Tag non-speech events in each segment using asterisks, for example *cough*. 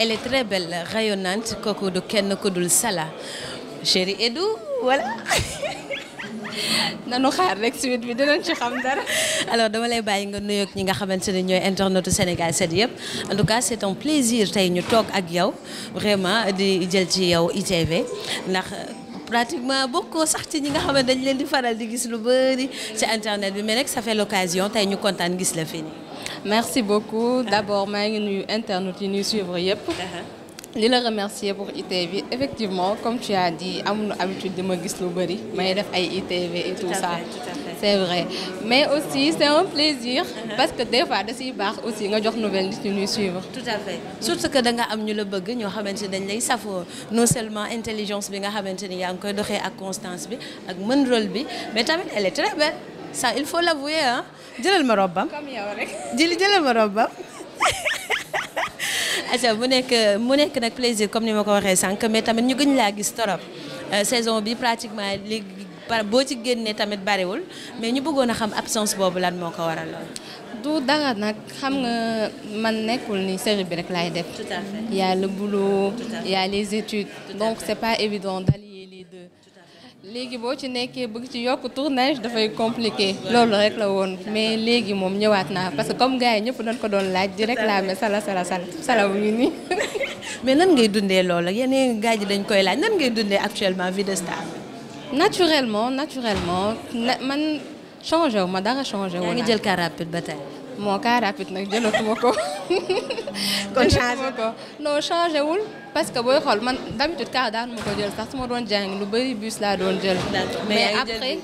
Elle est très belle rayonnante kooku du kenn ku Edou voilà *laughs* *laughs* nanu xaar rek suite bi dinañ ci xam dara. *laughs* alors dama lay bàyyi nga nuyoog ñi nga xamante ne ñooy internetu Sénégal 7 yëpp en tout cas c'est un plaisir tey ñu toog ak yow vraiment di jël ci yow ITV ndax. pratiquement bokkoo sax ci ñi nga xaman dañ leen di faral di gis lu bëri ci internet bi mais rek ça fait l'occasion tey ñu kontaan gis la fii nii. merci beaucoup d'abord maa ngi nuyu internet yi ñuy suivre yépp. Uh-huh. li la remercier pour ITV effectivement comme tu as dit amuñu habitude di ma gis lu bëri may def ay ITV et tout, ça c'est vrai mais aussi c'est un plaisir uh-huh. parce que des fois da ciy baax aussi nga jox nouvelle nit ñi ñuy suivre. tout à fait surtout que danga am ñu la bëgg ñoo xamante dañ lay safoo non seulement intelligence bi nga xamante ni yaa ngi koy doxee ak constance bi ak mën role bi mais tamit elle est très il faut la ah jëlal ma robbam. comme yow *laughs* aca mu nekk mu nekk nag plaisir comme ni ma ko waxee sànq mais tamit ñu gëñ laa gis torop euh, saison bi pratiquement li boo ci génnee tamit bariwul mais ñu bëggoon a xam absence boobu lan moo ko waral lool du dara nag xam nga man nekkul ni série bi rek laay def tout à fait y les études donc c'est pas évident d'aller léegi boo ci nekkee bëgg ci yokk tournage dafay compliqué loolu rek la woon mais léegi moom ñëwaat naa parce que comme gars yi ñëpp dañ ko doon laaj di réclamer sala sala sala sala mu ngi nii. *laughs* mais nan ngay dundee loolu ak yeneen gars yi dañ koy laaj nan ngay dundee actuellement vie de star. naturellement naturellement man changé wu ma dara changé wu. yaa jël car rapide ba moo car rapide nag jëlatuma ko. kon changé ko non wul parce que booy xool man d'habitude car daan ma ko jël sax su ma doon jàng lu bëri bus laa doon jël. mais après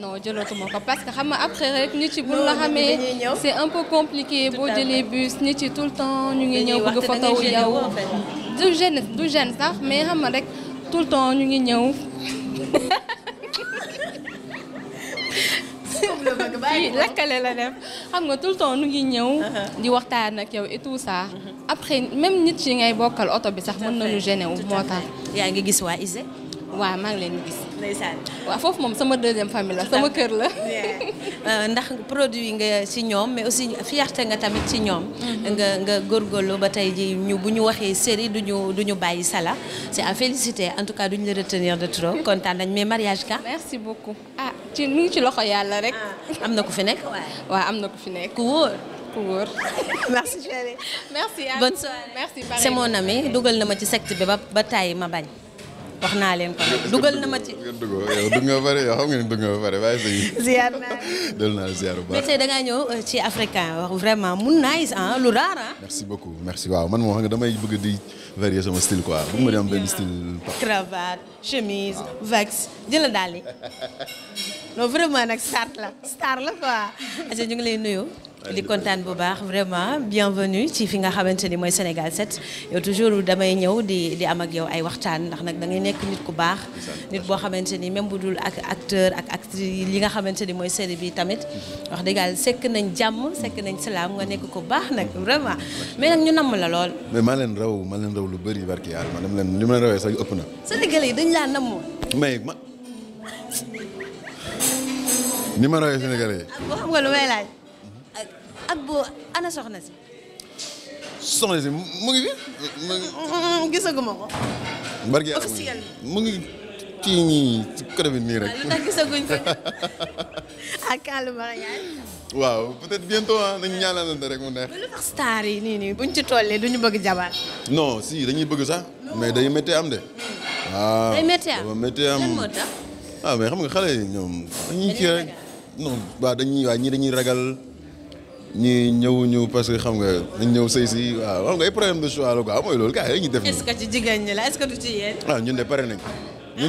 non jëlatuma ko parce que xam nga après rek nit ci bu la xamee c'est un peu compliqué boo jëlee bus nit ci tout le temps ñu ngi ñëw bëgg photo wu yow du gêne du gêne sax mais xam nga rek tout le temps ñu ngi ñëw. *laughs* fii lakkale la dem xam nga tout le temps nu ngi ñëw uh-huh. di waxtaan ak yow et tout ça uh-huh. après même nit yi ngay bokkal oto bi sax mën nañu gêné wu moo tax yaa ngi gis waa ISEG waaw maa ngi leen gis ndeysaan waaw foofu moom sama deuxième famille la sama kër la. *laughs* Euh, ndax produit nga ci ñoom mais aussi fierté nga tamit ci ñoom. Mm-hmm. nga nga góorgóorlu ba tey ji ñu bu ñu waxee série du ñu du ñu bàyyi sala si à féliciter en tout cas duñu la retenir de trop kontaan dañ mais mariage ka. merci beaucoup ah ci mu ngi ci loxo yàlla rek. Ah, am na ku fi nekk. waaw am na ku fi nekk ku wóor. *laughs* merci chérie. merci. bonne merci. c'est mon ami dugal na ma ci secte bi ba ba tàyyi ma bañ. wax naa leen ko dugal na ma ci. yow dugg nga pare yow xam nga ni dugg nga pare waaye sëñ ziar naa del euh, ci africain wax vraiment mu nice ah lu raar ah. merci beaucoup waaw man moo xam nga damay bëgg di varier sama style quoi bëgg ma di am benn style. chemise vax jëla daal *laughs* non vraiment nag star la star la quoi. Adja ñu ngi lay di kontaan bu baax vraiment bienvenue ci fi nga xamante ni mooy Sénégal 7 yow toujours damay ñëw di di am ak yow ay waxtaan ndax nag da ngay nekk nit ku baax. nit boo xamante ni même bu dul ak acteur ak actrice li nga xamante ni mooy série bi tamit. wax dëgg sekk nañ jàmm sekk nañ salaam nga nekk ku baax nag vraiment mais nag ñu namm la lool. mais maa leen raw maa leen raw lu bëri barki yàlla ma dem leen li ma leen rawee sax ëpp na. Sénégalais dañ laa namm. ma. ni ma ah, xam nga lu may laaj. ak boo ana soxna si. soxna si mu ngi fi. gisaguma ko. barke officiel mu ngi ci ñii ci côté bi nii rek. waaw li ko *laughs* ak Kalle mariage. waaw peut-être bientôt ah nañu ñaanalante rek mu neex. lu tax star yi nii nii buñ bëgg jabaar. non dañuy bëgg sax. mais day méttee am de. waaw ah, day méttee am méttee am lan moo ah, xam nga xale yi ñoom. ragal. ñëw ñëwuñu parce que xam nga dañ ñëw say si waaw xam nga ay problème de choix la quoi loolu gars yi def. est-ce que ah, ñun de pare nañ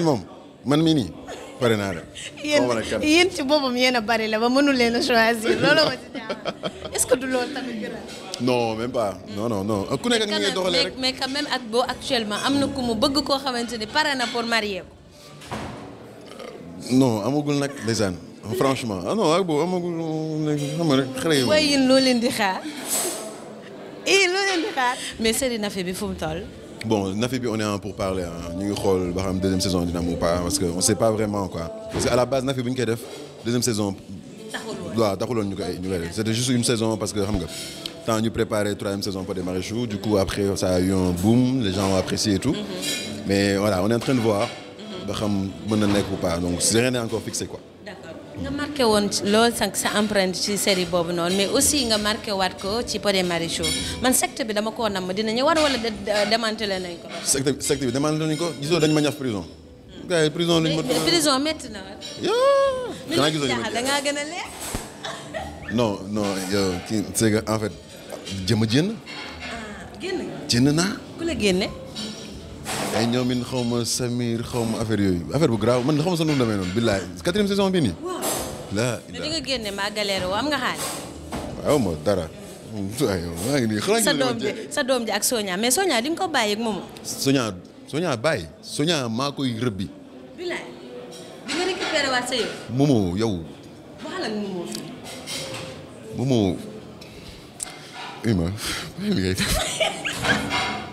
moom man mii nii pare naa rek. yéen ci boppam yéen bari la ba mënul leen a choisir *laughs* a. non même ku nekk ak rek mais quand am na ku mu bëgg koo xamante ni pare na pour marier ko. non amagul nag ndeysaan. franchement ah non ak boobu amagul xam nga pou xale yi. waaye yéen loo leen di xaar. eh loo leen di xaar. mais bon Nafi on est en pour parler ah ñu ngi xool ba saison dina am ou pas que on sait pas vraiment quoi. parce que à la base Nafi bu ñu koy def saison. taxul woon waaw taxul woon ñu koy ñu une saison parce que xam nga. temps ñu préparé troisième saison pour des maréchaux du coup après ça a boom les gens ont apprécié et tout. Mhm. mais voilà on est en de voir. ba xam mën na nekk ou pas donc rien n'est encore fixé nga marqué woon lool sànq sa empreinte ci série boobu noonu mais aussi nga marqué waat ko ci Pod et Marichou man secte bi dama koo nam dina ñëwaat wala démantelé nañ ko. secte secte bi démantelé nañ ko gisoo dañ ma ñaf prison. Hmm. gars yi prison lañ ma. prison métti na waat. xanaa gisoo ñu da ngaa gën a leer. non non en fait jëm a génn. Ah, génn génn naa. ku la génne. ay ñoomin xaw ma Samir xaw ma affaire yooyu affaire bu grave man xaw ma sa nu mu demee noonu billaay saison bii nii. la mais di nga génne maa galère am nga xaalis. waaw ma dara. sa doom ji ak Soña mais Soña di ko bàyyi ak moom. Soña Soña bàyyi. Soña maa koy rëbbi. bilaay di nga récupéré waat sa yow. Momo yow. Momo fii. ma *laughs*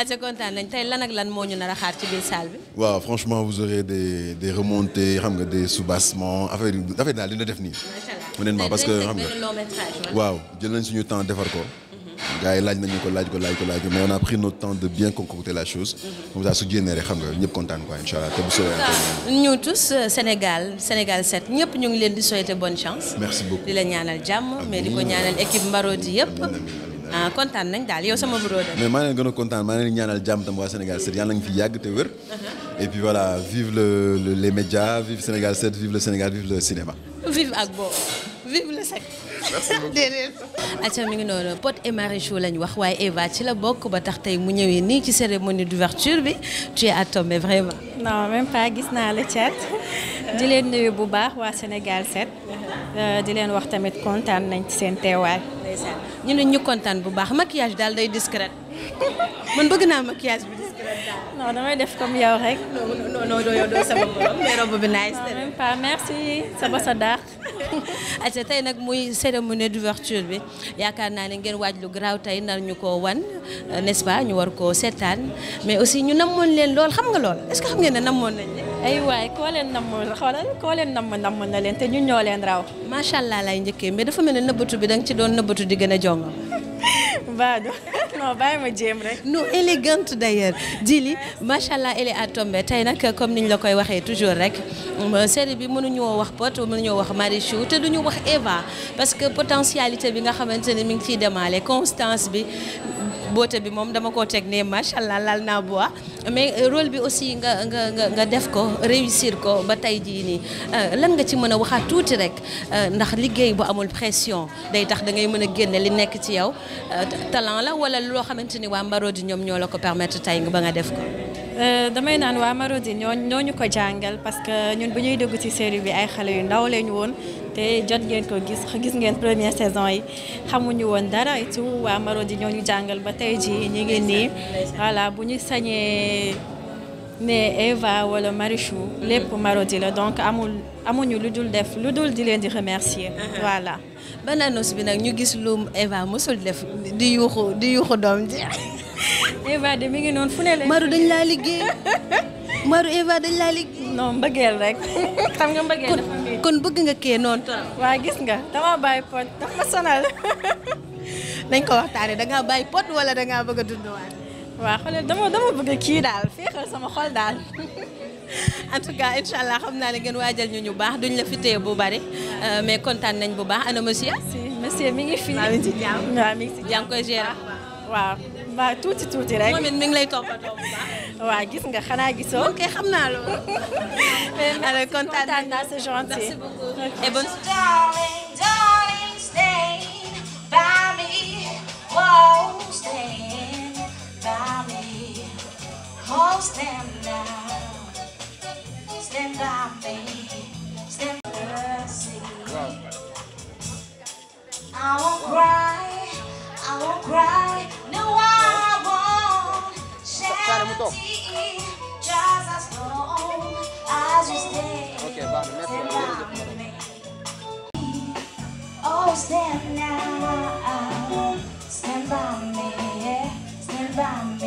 assez kontaan nañ tey lan lan moo ñu nar a xaar ci biir salle bi. waaw franchement vous aurez des des xam nga des soubassements affaire yi affaire daal dina def nii. honnêtement parce que xam nga waaw jël nañ suñu temps defar ko. Mhm. gars yi laaj nañu ko laaj ko laaj ko laaj ko mais on a pris notre temps de bien concocter la chose. Mhm. comme ça su génnee xam nga ñëpp kontaan quoi incha te bu soobee. ñu tous euh, Sénégal Sénégal 7 ñëpp ñu ngi leen di souhaiter bonne chance. merci beaucoup di la ñaanal ah kontaan nañ daal yow sama broda mais maa leen gën a kontaan maa leen ñaanal jàmm tam waa Sénégal al yàlla nañ fi yàgg te wér. Uh-huh. et puis voilà vive le, le les médias vive Sénégal 7 vive le Sénégal vive le cinéma. vive ak boobu vive le sec. merci beaucoup *laughs* déedéet. acca mi ngi noonu Pod et Marichou lañ wax waaye Eva ci la bokk ba tax tey mu ñëwee nii ci cérémonie d'ouverture bi tu es à tomber vraiment. non même pas gis naa la chat di leen nuyu bu baax waa Sénégal 7 euh, di leen wax tamit kontaan nañ ci seen teewaay. ñu ne ñu kontaan bu baax maquillage daal day discret *laughs* man bëgg naa maquillage bi. non damay def comme yow rek. non non non yow doo sama borom mais robe bi nice. même pas merci sa ba sa daax. *laughs* ayca tey nag muy cérémonie d'ouverture bi yaakaar naa ne ngeen waaj lu garaaw tey nar ñu ko wan n'est-ce pas ñu war koo seetaan mais aussi ñu namoon leen lool xam nga lool est que xam ngeen ne namoon nañ leen. ay waay koo leen namm xoolal koo leen namm namm na leen te ñu ñoo leen raw. macha allah lay njëkkee mais dafa mel na nëbbatu bi da ci doon nëbbatu di gën a jongo *laughs* Badou *laughs* non bàyyi ma jéem rek. non élégante d'ailleurs li macha allah elle est à tey nag comme niñ la koy waxee toujours rek euh, série bi mënuñoo wax Pod mënuñoo wax marie Marichou te duñu wax Eva parce que potentialité bi nga xamante ne mi ngi ciy demaale constance bi. boote bi moom dama koo teg ne macha allah laal naa bois mais euh, rôle bi aussi nga nga nga nga def ko réussir ko ba tey jii nii euh, lan nga ci mën a waxaat tuuti rek euh, ndax liggéey bu amul pression day tax da ngay mën a génne li nekk ci yow talent la wala loo xamante ni waa Marodi ñoom ñoo la ko permettre tey ba nga def ko. Euh, damay naan waa Marodi ñoo ñoo ñu ko jàngal parce que ñun ba ñuy dugg ci série bi ay xale yu ndaw lañu woon te jot ngeen ko gis gis ngeen première saison yi xamuñu woon dara et tout waa Marodi ñoo ñu jàngal ba tey ji ñu ngi nii voilà bu ñu sañee ne Eva wala Marichou lépp Marodi la donc amul amuñu lu dul def lu dul di leen di remercier uh-huh. voilà. ban annonce bi nag ñu gis lu Eva mosul def di yuuxu di yuuxu doom ji. *laughs* Eva de mi ngi noonu fu ne la. Maru dañ laa liggéey Maru Eva dañ laa liggéey. non mbëggeel rek *laughs* xam nga mbëggeel kon bëgg nga ke noonu tam. waa gis nga dama bàyyi pot dafa ma sonal. dañ *laughs* ko waxtaanee da ngaa bàyyi pot wala da ngaa bëgg a dund waa xoolal dama dama bëgg kii daal féexal sama xol daal. *laughs* en tout cas incha allah xam naa ne waa waajal ñu ñu baax duñ la fi téye bu bari euh, mais kontaan nañ bu baax ana monsieur. si monsieur mi ngi fi. maa ngi ci jàmm ngi si jàmm koy gérer waaw. waaw tuuti tuuti rek moom it mi ngi lay *laughs* nga xanaa gisoo. ok xam naa loolu. *laughs* alors kontaan naa c'est gentil. merci beaucoup et bonne. Stand by me. земля Stand by me, yeah, stand by me